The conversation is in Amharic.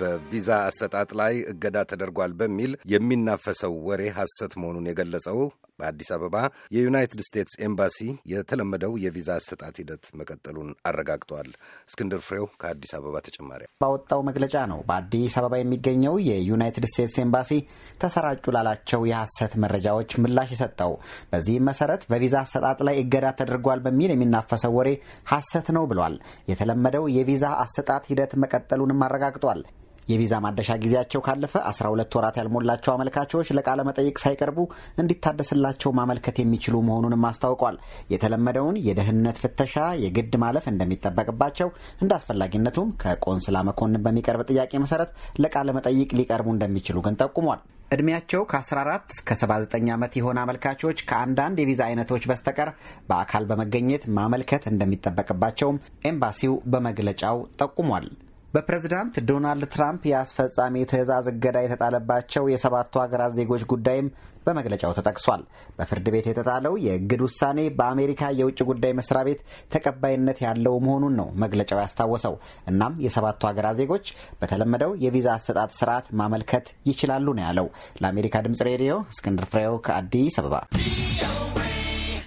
በቪዛ አሰጣጥ ላይ እገዳ ተደርጓል በሚል የሚናፈሰው ወሬ ሐሰት መሆኑን የገለጸው በአዲስ አበባ የዩናይትድ ስቴትስ ኤምባሲ የተለመደው የቪዛ አሰጣት ሂደት መቀጠሉን አረጋግጧል። እስክንድር ፍሬው ከአዲስ አበባ ተጨማሪ ባወጣው መግለጫ ነው በአዲስ አበባ የሚገኘው የዩናይትድ ስቴትስ ኤምባሲ ተሰራጩ ላላቸው የሐሰት መረጃዎች ምላሽ የሰጠው። በዚህም መሰረት በቪዛ አሰጣጥ ላይ እገዳ ተደርጓል በሚል የሚናፈሰው ወሬ ሐሰት ነው ብሏል። የተለመደው የቪዛ አሰጣት ሂደት መቀጠሉንም አረጋግጧል። የቪዛ ማደሻ ጊዜያቸው ካለፈ 12 ወራት ያልሞላቸው አመልካቾች ለቃለ መጠይቅ ሳይቀርቡ እንዲታደስላቸው ማመልከት የሚችሉ መሆኑንም አስታውቋል። የተለመደውን የደህንነት ፍተሻ የግድ ማለፍ እንደሚጠበቅባቸው እንደ አስፈላጊነቱም ከቆንስላ መኮንን በሚቀርብ ጥያቄ መሰረት ለቃለ መጠይቅ ሊቀርቡ እንደሚችሉ ግን ጠቁሟል። እድሜያቸው ከ14 እስከ 79 ዓመት የሆነ አመልካቾች ከአንዳንድ የቪዛ አይነቶች በስተቀር በአካል በመገኘት ማመልከት እንደሚጠበቅባቸውም ኤምባሲው በመግለጫው ጠቁሟል። በፕሬዝዳንት ዶናልድ ትራምፕ የአስፈጻሚ ትዕዛዝ እገዳ የተጣለባቸው የሰባቱ ሀገራት ዜጎች ጉዳይም በመግለጫው ተጠቅሷል። በፍርድ ቤት የተጣለው የእግድ ውሳኔ በአሜሪካ የውጭ ጉዳይ መስሪያ ቤት ተቀባይነት ያለው መሆኑን ነው መግለጫው ያስታወሰው። እናም የሰባቱ ሀገራት ዜጎች በተለመደው የቪዛ አሰጣጥ ስርዓት ማመልከት ይችላሉ ነው ያለው። ለአሜሪካ ድምጽ ሬዲዮ እስክንድር ፍሬው ከአዲስ አበባ